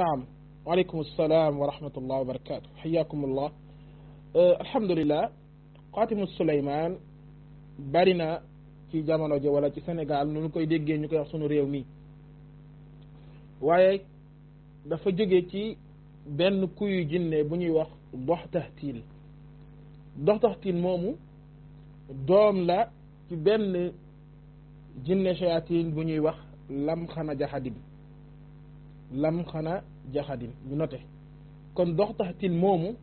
نعم وعليكم السلام ورحمة الله وبركاته حياكم الله أه الحمد لله قاتم السليمان برنا في جامعنا جوالا في سنة قال نونكو يدقين نكو يحصنوا ريومي وعي دفع جوغي تي بن كوي جنة بني وقت ضح تهتيل ضح تهتيل مومو دوم لا في بن جنة شياطين بني وقت لم خنا جهدي lam xana jaxadin ñu note kon dox taxtin moomu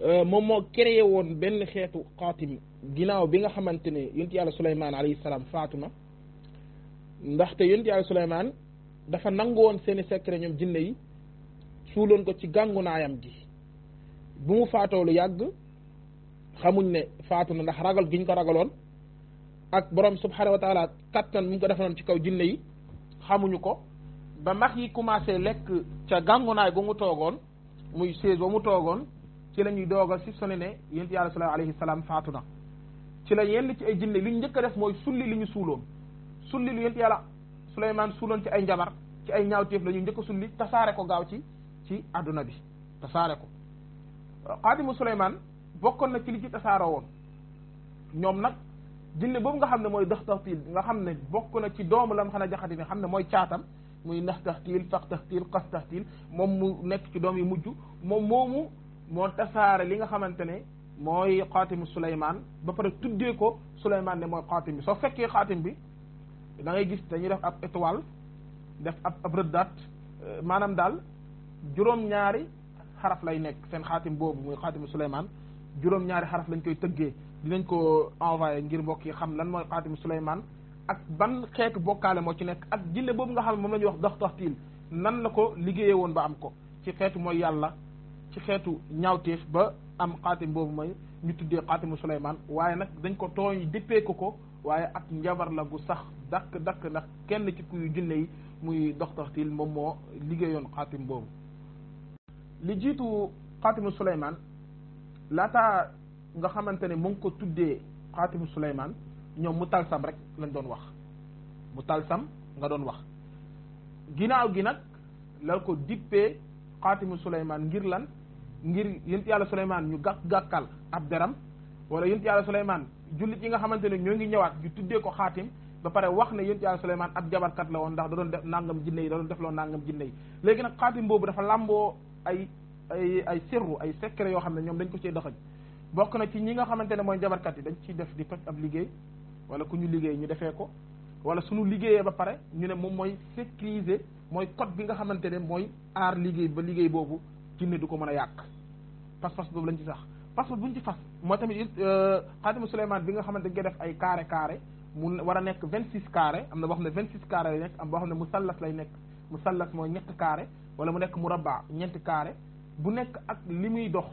euh, moom moo créé woon benn xeetu xaatim ginnaaw bi nga xamante ne yonent yàlla Souleymane alayhi salaam faatu na ndaxte yonent yàlla Souleymane dafa nangu woon seeni secret ñoom jinne yi suuloon ko ci gàngunaayam naayam gi bu mu faatoo lu yàgg xamuñ ne faatu na ndax ragal gi ñu ko ragaloon ak borom subhanahu wa kàttan kattan mu ko defaloon ci kaw jinne yi xamuñu ko ba max yi commencé lekk ca gàngunaay gu mu toogoon muy seize ba mu toogoon ci la ñuy doog a si sone ne yonent salaam faatu na ci la yenn ci ay jinne li njëkk a def mooy sulli li ñu suuloon sulli lu yonent yàlla Suleymaan suuloon ci ay njabar ci ay ñaawteef la ñu njëkk a tasaare ko gaaw ci ci àdduna bi tasaare ko xaadimu Suleymaan bokkoon na ci li ci tasaaroo woon ñoom nag jinne boobu nga xam ne mooy dox dox nga xam ne bokk na ci doomu lam xana jaxati mi xam ne mooy caatam muy ndax taxtiil fax taxtiil xas taxtiil moom mu nekk ci doom yi mujj moom moomu moo tasaare li nga xamante ne mooy xaatimu Souleymane ba pare tuddee ko Souleymane ne mooy xaatim bi soo fekkee xaatim bi da ngay gis dañuy def ab étoile def ab ab rëddaat euh, maanaam daal juróom-ñaari xaraf lay nekk seen xaatim boobu muy xaatimu Souleymane juróom-ñaari xaraf lañ koy tëggee di nañ ko envoyé ngir mbokk yi xam lan mooy xaatimu Souleymane ak ban xeetu bokkaale moo ci nekk ak jinne boobu nga xam ne moom la wax dox dox nan la ko liggéeyee woon ba am ko ci xeetu mooy yàlla ci xeetu ñaawteef ba am xaatim boobu mooy ñu tuddee xaatimu Suleymaan waaye nag dañ ko tooñ dippee ko ko waaye ak njabar la gu sax dakk dakk ndax kenn ci kuy jinne yi muy dox dox moom moo liggéeyoon xaatim boobu li jiitu xaatimu Suleymaan laata nga xamante ne mu ngi ko tuddee xaatimu Suleymaan ñoom mu talsam rek lañ doon wax mu talsam nga doon wax ginnaaw gi nag la ko dippee xaatimu Souleymane ngir lan ngir yent yàlla Souleymane ñu gàkk gàkkal ab deram wala yent yàlla Souleymane jullit yi nga xamante ne ñoo ngi ñëwaat ñu tuddee ko xaatim ba pare wax ne yent yàlla Souleymane ab jabarkat la woon ndax da doon def nangam jinne yi da doon def loo nangam jinne yi léegi nag xaatim boobu dafa làmboo ay ay ay sirru ay secret yoo xam ne ñoom dañ ko cee doxaj bokk na ci ñi nga xamante ne mooy jabarkat yi dañ ciy def di toj ab liggéey wala ku ñu liggéey ñu defee ko wala suñu liggéeyee ba pare ñu ne moom mooy sécuriser mooy code bi nga xamante ne mooy aar liggéey ba liggéey boobu jinne du ko mën a yàq pas-pas boobu lañ ci sax pas-pas ñu ci fas moo tamit euh, xaatimu Souleymane bi nga xamante nga def ay carré carré mu war a nekk vingt six carré am na boo xam ne vingt six carré lay nekk am boo xam ne musallas lay nekk mu musallas mooy ñett carré wala mu nekk murabba ñeenti carré bu nekk ak li muy dox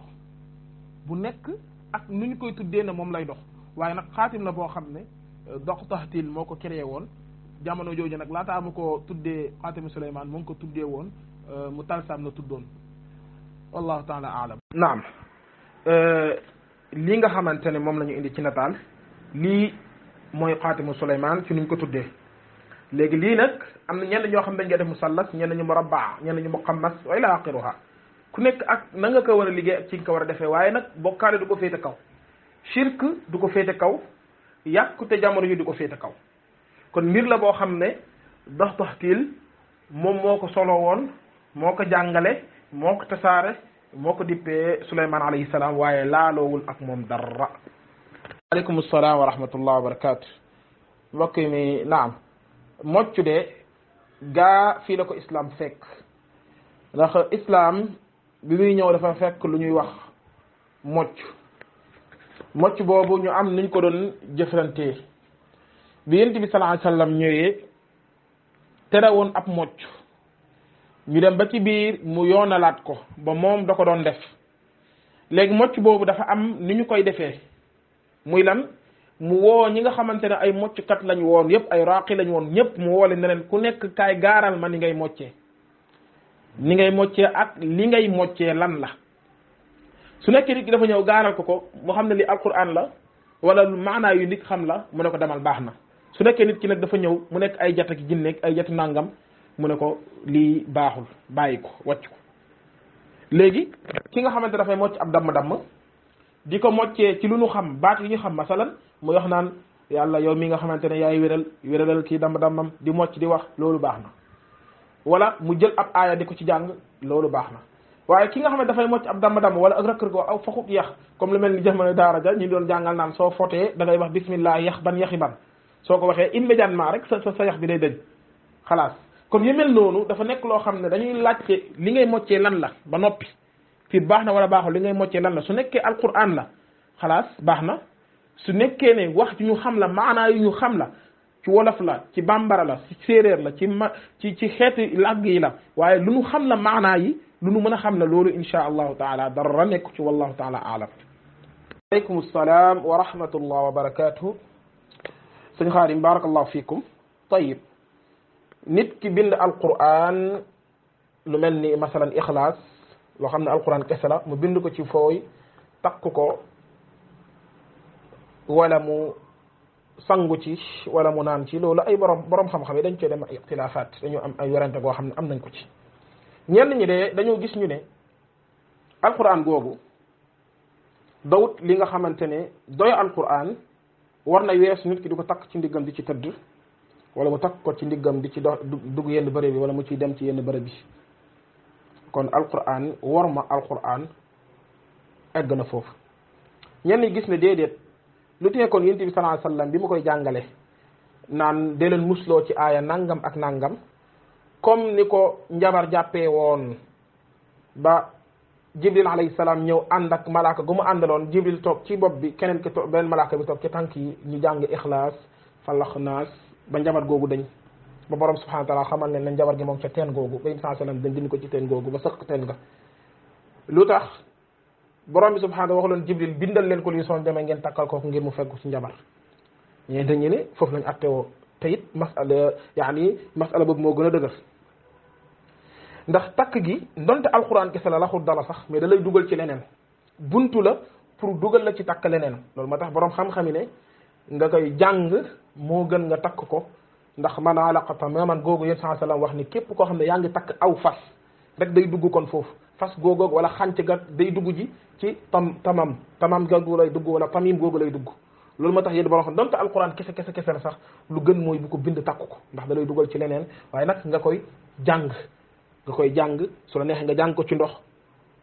bu nekk ak nu ñu koy tuddee moom lay dox waaye nag xaatim la boo xam ne doq tahtil moo ko créé woon jamono jooju nag laataa mu ko tuddee xaatami Souleymane mu ngi ko tuddee woon euh, mu talsam la tuddoon wallahu taala alam naam euh, lii nga xamante ne moom la ñu indi ci nataal lii mooy xaatimu Souleymane ci nuñ ko tuddee léegi lii nag am na ñenn ñoo xam dañ koy def musallas ñenn ñu murabbaa ñenn ñu muqammas wa ila aqiruha ku nekk ak na nga ko war a liggéey ak ci nga ko war a defee waaye nag bokkaale du ko féete kaw shirk du ko féete kaw yàqute jamono ji di ko féete kaw kon mbir la boo xam ne dox dox tiil moom moo ko solo woon moo ko jàngale moo ko tasaare moo ko dippee Suleymaan alayhi salaam waaye laaloowul ak moom dara aleykum salaam wa rahmatullah wa barakaatu mi naam moccu de gaa fii la ko islaam fekk ndax islaam bi muy ñëw dafa fekk lu ñuy wax mocc mocc boobu ñu am nuñ ko doon jëflantee bi yent bi sallallahu alayhi wasallam ñëwee tere woon ab mocc ñu dem ba ci biir mu yoonalaat ko ba moom da ko doon def léegi mocc boobu dafa am ni ñu koy defee muy lan mu woo ñi nga xamante ne ay mocckat lañu woon yëpp ay raaqi lañ woon ñëpp mu woole ne ku nekk kaay gaaral ma ni ngay moccee ni ngay moccee ak li ngay moccee lan la su nekkee nit ki dafa ñëw gaaral ko ko mu xam ne li alquran la wala maanaa yu nit xam la mu ne ko demal baax na su nekkee nit ki nag dafa ñëw mu nekk ay jata ki jinneeg ay jati nàngam mu ne ko lii baaxul bàyyi ko wàcc ko léegi ki nga xamante dafay mocc ab damm-damm di ko moccee ci lu nu xam baat yi ñu xam masalan mu wax naan yàlla yow mi nga xamante ne yaay wéral wéralal kii damm-dammam di mocc di wax loolu baax na wala mu jël ab aaya di ko ci jàng loolu baax na waaye ki nga xam ne dafay mocc ab damba damba wala ak rëkk rëkk aw faxut yax comme lu mel ni jamono daara ja ñu doon jàngal naan soo fotee da ngay wax bismillah yax ban yaxi ban soo ko waxee immédiatement rek sa sa yax bi day dëñ xalaas kon yu mel noonu dafa nekk loo xam ne dañuy laajte li ngay moccee lan la ba noppi fii baax na wala baaxul li ngay moccee lan la su nekkee alquran la xalaas baax na su nekkee ne wax yu ñu xam la maanaa yu ñu xam la ci wolof la ci bambara la ci séeréer la ci ma ci ci xeeti làgg yi la waaye lu nu xam la maanaa yi lu nu mën a xam la loolu insha allahu taala dara nekk ci wallahu taala aalam aleykum salaam wa rahmatullah wa barakatuhu sëñ xaarim barakallahu fikum tayib nit ki bind alquran lu mel ni masalan ixlaas loo xam ne alquran kese la mu bind ko ci fooy takk ko wala mu sangu ci wala mu naan ci loolu ay borom borom xam-xam yi dañ cee dem ay ixtilaafaat dañu am ay werante goo xam ne am nañ ko ci ñenn ñi de dañoo gis ñu ne alquran googu dawut li nga xamante ne doy alquran war na wees nit ki di ko takk ci ndiggam di ci tëdd wala mu takk ko ci ndiggam di ci dox dugg yenn bërëb bi wala mu ciy dem ci yenn bërëb bi kon alquran war ma alquran egg na foofu ñenn ñi gis ne déedéet lu tee kon yonent bi sallallahu alayhi wasallam bi ma koy jàngale naan de leen musloo ci aaya nangam ak nangam comme ni ko njabar jàppee woon ba jibril alayhi salaam ñëw ànd ak malaaka gu mu àndaloon jibril toog ci bopp bi keneen ki to beneen malaaka bi toog ci tànk yi ñu jàng ixlaas falax naas ba njabar googu dañ ba borom subhanahu wa taala xamal leen ne njabar gi moom ca teen googu ba sallallahu alayhi wasallam dañ dindi ko ci teen googu ba sëq teen nga lu borom bi subhanahu wa ta'ala jibril bindal len ko li son demé ngeen takal ko ngir mu fegg ci njabar ñeen dañu ne fofu lañu atte wo tayit masala yaani masala boobu mo gëna a ndax tak gi ndonte alquran kese la lahu dala sax mais da lay duggal ci lenen buntu la pour duggal la ci tak lenen loolu motax borom xam-xam ne nga koy jàng mo gën nga tak ko ndax man alaqata alaqa gogu googu yéen saa sallam wax ni kep ko xamne yaangi tak aw fas rek day dugg kon foofu fas googoog wala xànc ga day dugg ji ci tam tamam tamam gagu lay dugg wala tamim googu lay dugg loolu moo tax yéen borom xam donte alquran kese kese kese la sax lu gën mooy bu ko bind takku ko ndax da lay dugal ci leneen waaye nag nga koy jàng nga koy jàng su la neexee nga jàng ko ci ndox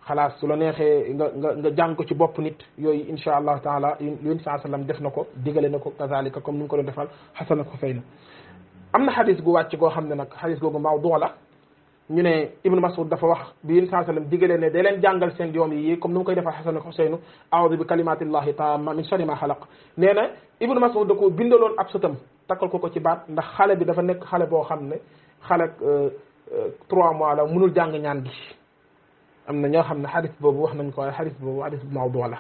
xalaas su la neexee nga nga nga jàng ko ci bopp nit yooyu insha allahu taala yun sa sallam def na ko digale na ko kazalika comme ni mu ko doon defal xasan ak xusayna am na xadis gu wàcc goo xam ne nag xadis googu maaw doola ñu ne ibnu masud dafa wax bi yéen saa sallam digale ne day leen jàngal seen doom yi comme nu mu koy defal xasan ak xuseynu aawdu bi kalimatillahi taama min shari ma xalaq nee na ibnu masud da ko bindaloon ab sëtam takkal ko ko ci baat ndax xale bi dafa nekk xale boo xam ne xale trois mois la munul jàng ñaan gi am na ñoo xam ne xadis boobu wax nañ ko waaye xadis boobu xadis mawdu la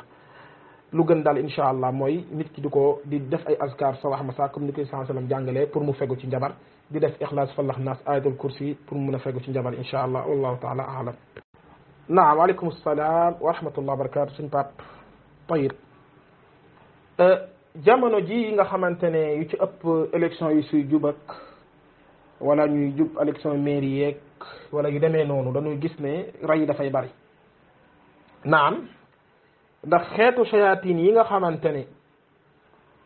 lu gën dal inshallah moy nit ki diko di def ay azkar sa wax masa comme ni koy saa sallam pour mu fegu ci njabar di def ikhlas fallax nas ayatul kursi pour mu na fegu ci njabar inshallah wallahu taala alam wa alaykum assalam wa rahmatullah barakatuh sin pap euh jamono ji nga xamantene yu ci upp élection yu suy djub ak wala ñuy djub élection mairie ak wala yu demee noonu dañuy gis ne da fay bari naam ndax xeetu shayatin yi nga xamante ne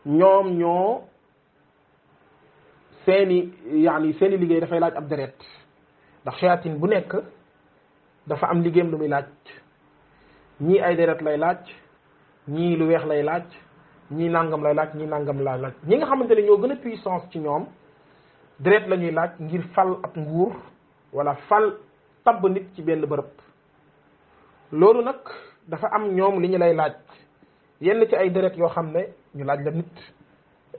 ñoom ñoo seeni yaani seeni liggéey dafay laaj ab deret ndax shayatin bu nekk dafa am liggéeyam lu muy laaj ñii ay deret lay laaj ñii lu weex lay laaj ñii nangam lay laaj ñii nàngam lay laaj ñi nga xamante ne ñoo gën a puissance ci ñoom deret la ñuy laaj ngir fal ab nguur wala fal tabb nit ci benn bërëb loolu nag dafa am ñoom li ñu lay laaj yenn ci ay deret yoo xam ne ñu laaj la nit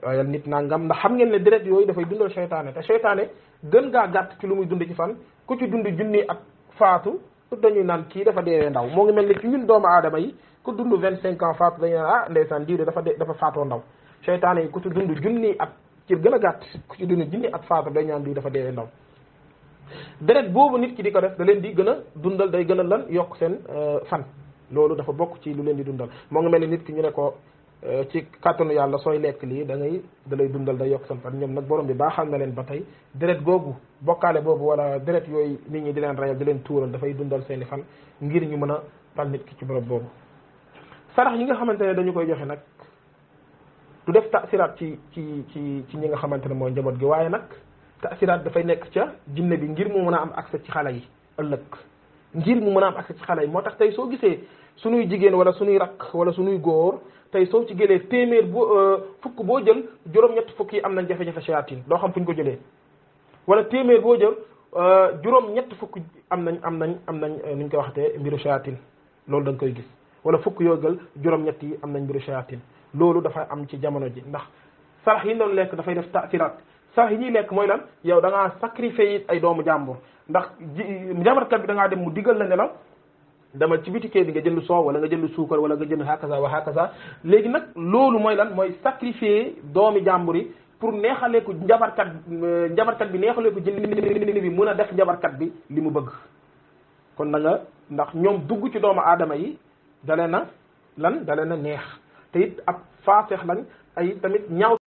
waaye nit nangam ndax xam ngeen ne deret yooyu dafay dundal seytaane te seytaane gën gaa gàtt ci lu muy dund ci fan ku ci dund junni at faatu dañuy naan kii dafa deewee ndaw moo ngi mel ni ci doomu aadama yi ku dund vingt cinq ans faatu dañu naan ah dafa de faatoo ndaw seytaane yi ku ci dund junni at ci gën a gàtt ku ci dund junni at faatu dañu naan diw dafa deewee ndaw deret boobu nit ki di ko def da leen di gën a dundal day gën a lan yokk seen euh, fan loolu dafa bokk ci lu leen di dundal moo ngi mel nit ki ñu ne ko euh, ci kàttanu yàlla sooy lekk lii dangay ngay da lay dundal day yokk san ñoom nag boroom bi xal na leen ba tey deret googu bokkaale boobu wala deret yooyu nit ñi di leen rayal di leen tuural dafay dundal seeni fan ngir ñu mën a dal nit ki ci bërëb boobu sarax yi nga xamante ne dañu koy joxe nag du def tasiraat ci ci ci ci ñi nga xamante ne mooy njaboot gi waaye nag tasiraat dafay nekk ca jinne bi ngir mu mën a am accès ci xale yi ëllëg ngir mu meuna am accès ci xale yi motax tay so gisé sunuy jigen wala sunuy rak wala sunuy gor tay so ci gelé témèr bu fukk bo jël juróom-ñett fukk yi am nañ jafe-jafe shayatin do xam fuñ ko jëlé wala témèr bo jël juróom-ñett fukk am nañ am nañ am nañ nu ñu koy mbiru shayatin loolu da koy gis wala fukk yo gël juroom juróom-ñett yi am nañ mbiru shayatin loolu dafa am ci jamono ji ndax sarax yi non lek da fay def taasirat sax yi ñuy lekk mooy lan yow da ngaa sacrifier it ay doomu jàmbur ndax ji njabarkat bi dangaa dem mu digal la ne la dama ci bitikee bi nga jënd soow wala nga jënd suukar wala nga jënd hakaza wa hakaza léegi nag loolu mooy lan mooy sacrifier doomi jàmbur yi pour neexalee ko njabarkat euh, njabarkat bi neexalee ko jënd bi mën a def njabarkat bi li mu bëgg kon na ndax ñoom dugg ci doomu aadama yi dalee na lan dalee na neex te it ab faaseex lañ ay tamit ñaaw